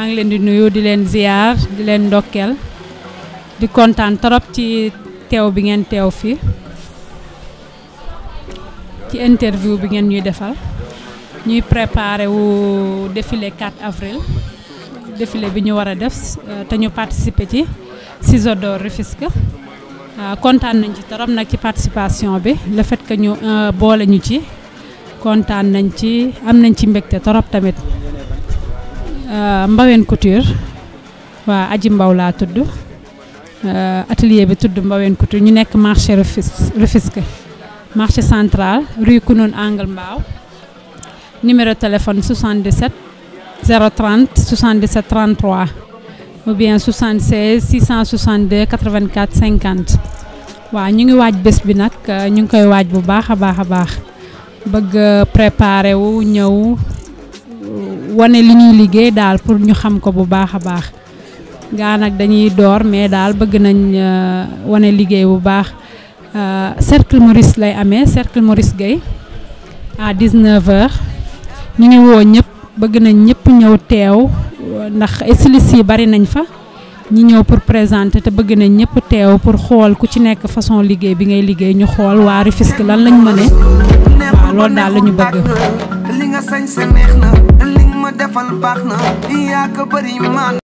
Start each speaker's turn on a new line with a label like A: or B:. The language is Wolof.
A: maa ngi leen di nuyu di leen ziar di leen ndokkeel di kontaan trop ci teew bi ngeen teew fi ci interview bi ngeen ñuy defal ñuy préparé wu défilé 4 avril défilé bi ñu war a def euh, te ñu participer ci ciseaux d'or Rufisque kontaan nañ ci trop nag ci participation bi le fait que ñu euh, boole ñu ci kontaan nañ ci am nañ ci mbégte trop tamit. Euh, Mbawen Couture waa Aji Mbaw laa tudd euh, atelier bi tudd Mbawen Couture ñu nekk marché Rufisque Rufisque marché central rue Kounoune angle Mbao numéro téléphone 77 030 77 33 ou bien 76 662 84 50 waaw ñu ngi waaj bés bi nag euh, ñu ngi koy waaj bu baax a baax a baax bëgg préparer ñëw wane li ñuy liggéey daal pour ñu xam ko bu baax a baax gaa nag dañuy door mais daal bëgg nañ euh, wane liggéey bu baax euh, cercle Maurice lay amee cercle Maurice Gueye à 19h ñu ngi woo ñëpp bëgg nañ ñëpp ñëw teew ndax stylistes yi bari nañ fa ñi ñëw pour présenter te bëgg nañ ñëpp teew pour xool ku ci nekk façon liggéey bi ngay liggéey ñu xool waa Rufisque lan lañ mëne waaw loolu daal la
B: bëgg. baax na yaa ko bëri man